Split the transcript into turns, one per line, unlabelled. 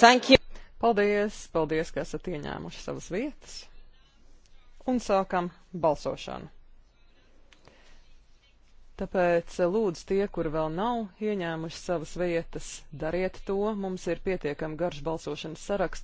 Thank you. Paldies, paldies, ka esat ieņēmuši savas vietas. Un sākam balsošanu. Tāpēc eh, lūdzu tie, kuri vēl nav ieņēmuši savas vietas, dariet to. Mums ir pietiekami garš balsošanas saraksts.